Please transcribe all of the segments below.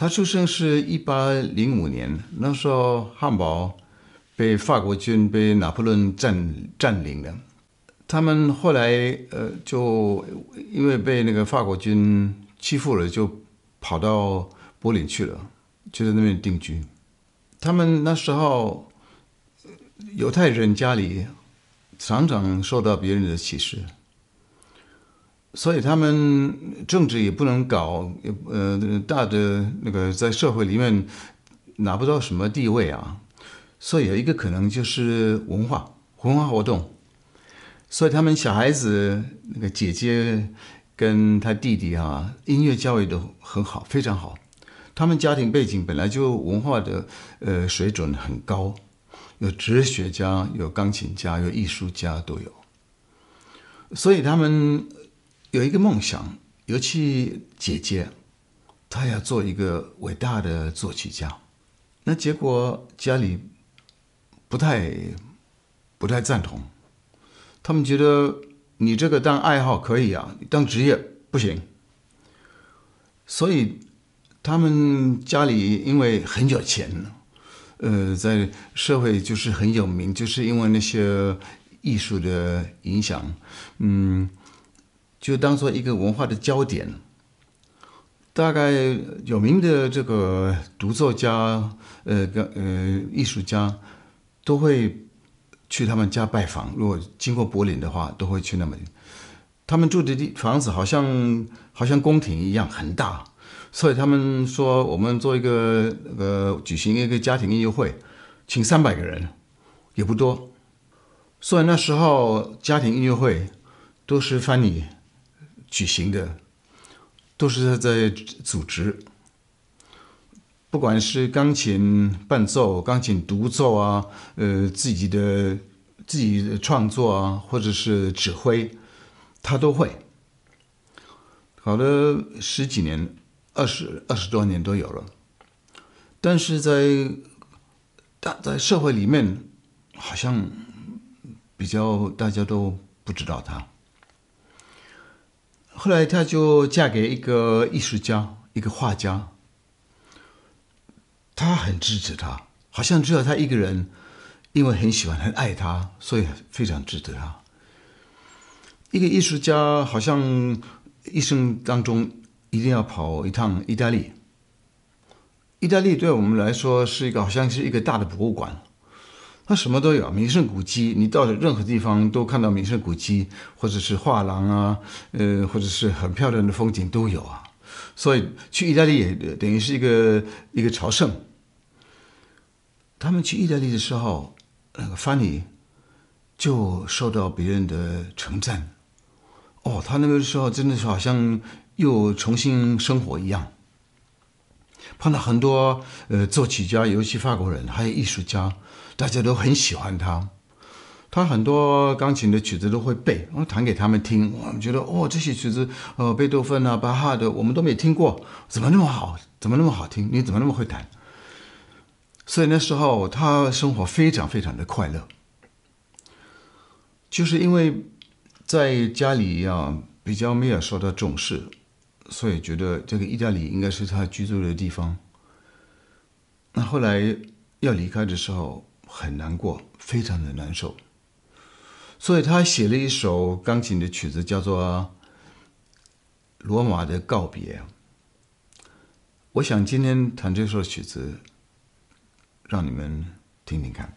他出生是一八零五年，那時候漢堡被法國軍被拿破崙占佔領了，他們後來呃就因為被那個法國軍欺負了，就跑到柏林去了，就在那邊定居。他們那時候猶太人家裡常常受到別人的歧視。所以他們政治也不能搞，呃，大的那個在社會裡面拿不到什麼地位啊。所以有一個可能就是文化、文化活動。所以他們小孩子那個姐姐跟他弟弟啊，音樂教育都很好，非常好。他們家庭背景本來就文化的呃水準很高，有哲學家，有鋼琴家，有藝術家都有。所以他們。有一個夢想，尤其姐姐，她要做一個偉大的作曲家。那結果家裡不太、不太贊同，他們覺得你這個當愛好可以啊，當職業不行。所以他們家裡因為很有錢，呃，在社會就是很有名，就是因為那些藝術的影響，嗯。就當做一個文化的焦點，大概有名的這個獨奏家，呃，跟，呃，藝術家都會去他們家拜訪。如果經過柏林的話，都會去那麼，他們住的地房子好像好像宮廷一樣很大，所以他們說我們做一個呃舉行一個家庭音樂會，請三百個人也不多。所以那時候家庭音樂會都是翻譯。舉行的，都是他在組織。不管是鋼琴伴奏，鋼琴獨奏啊，呃，自己的自己的創作啊，或者是指揮，他都會。搞了十幾年，二十二十多年都有了，但是在大在社會裡面，好像比較大家都不知道他。後來，她就嫁給一個藝術家，一個畫家。他很支持她，好像只有他一個人，因為很喜歡、很愛她，所以非常支持她。一個藝術家好像一生當中一定要跑一趟意大利。意大利對我們來說是一個，好像是一個大的博物館。他什麼都有啊，名勝古蹟，你到任何地方都看到名勝古蹟，或者是畫廊啊，呃，或者是很漂亮的風景都有啊。所以去意大利也等於是一個一個朝聖。他們去意大利的時候，那個梵妮就受到別人的稱讚。哦，他那個時候真的是好像又重新生活一樣。碰到很多呃作曲家，尤其法國人，還有藝術家。大家都很喜歡他，他很多鋼琴的曲子都會背，我彈給他們聽，我們覺得哦，這些曲子，呃，貝多芬啊、巴哈的，我們都沒聽過，怎麼那麼好，怎麼那麼好聽？你怎麼那麼會彈？所以那時候他生活非常非常的快樂，就是因為在家裡啊比較沒有受到重視，所以覺得這個意大利應該是他居住的地方。那後來要離開的時候。很難過，非常的難受。所以他寫了一首鋼琴的曲子，叫做《羅馬的告別》。我想今天彈這首曲子，讓你們聽聽看。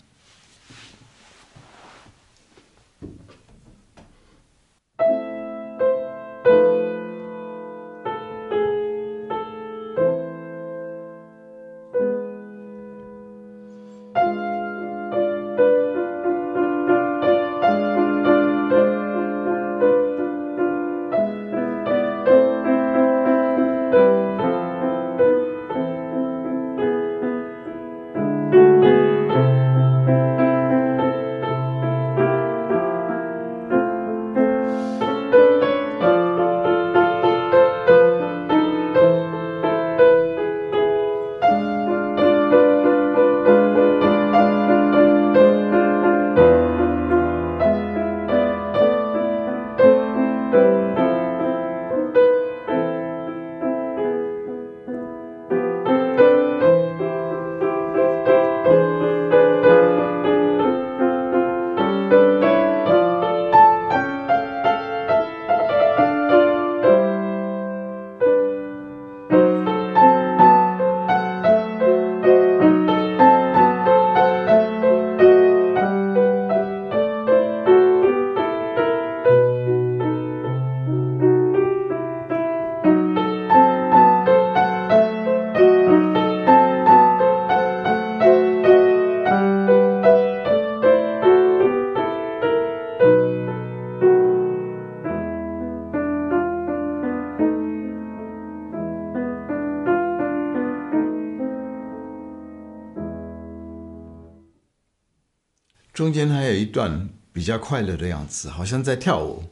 中間還有一段比較快樂的樣子，好像在跳舞，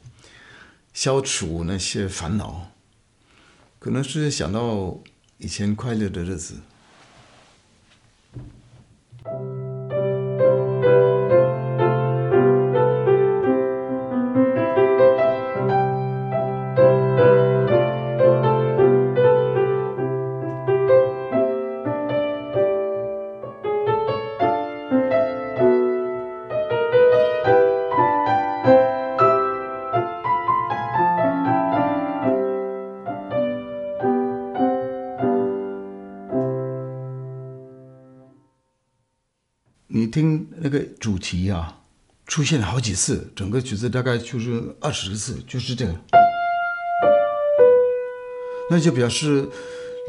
消除那些煩惱，可能是想到以前快樂的日子。你聽那個主題啊，出現了好幾次，整個曲子大概就是二十次，就是這個，那就表示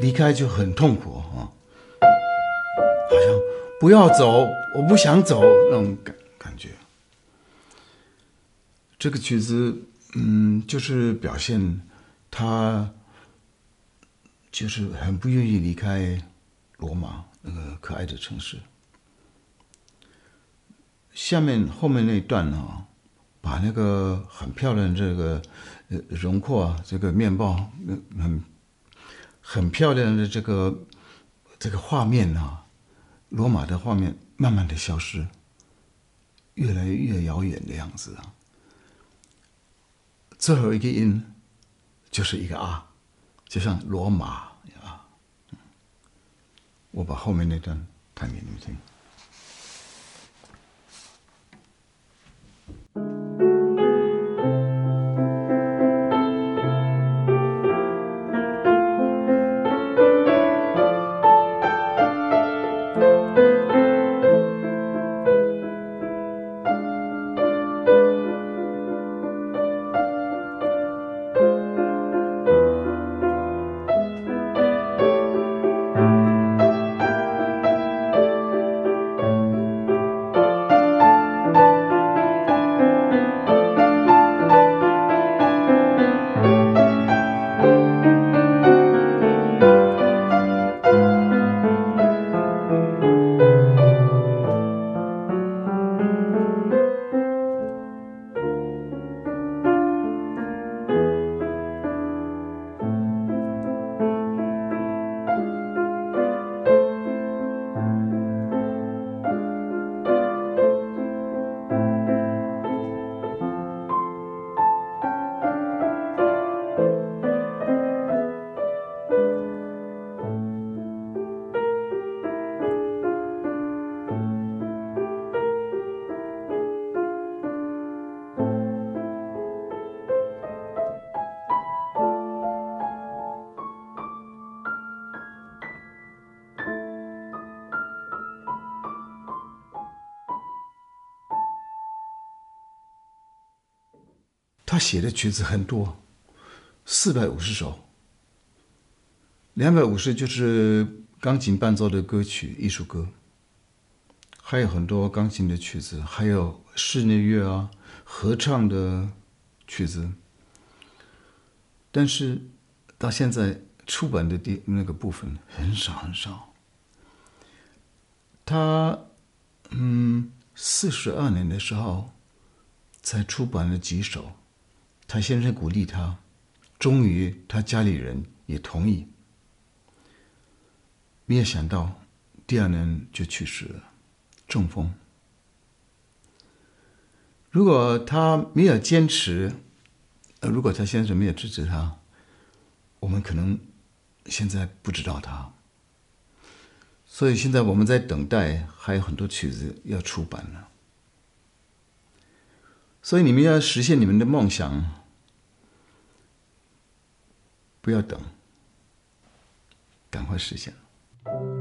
離開就很痛苦啊，好像不要走，我不想走那種感感覺。這個曲子，嗯，就是表現他就是很不願意離開羅馬那個可愛的城市。下面後面那一段呢、啊，把那個很漂亮的這個呃輪廓啊，這個面貌很很漂亮的這個這個畫面啊，羅馬的畫面慢慢的消失，越來越遙遠的樣子啊。最後一個音就是一個啊，就像羅馬啊。我把後面那段彈給你們聽。他寫的曲子很多，四百五十首，兩百五十就是鋼琴伴奏的歌曲、藝術歌，還有很多鋼琴的曲子，還有室內樂啊、合唱的曲子。但是到現在出版的第那個部分很少很少。他嗯，四十二年的時候才出版了幾首。他先生鼓勵他，終於他家裡人也同意。沒有想到，第二年就去世了，中風。如果他沒有堅持，呃，如果他先生沒有支持他，我們可能現在不知道他。所以現在我們在等待，還有很多曲子要出版了。所以你們要實現你們的夢想。不要等，趕快實現。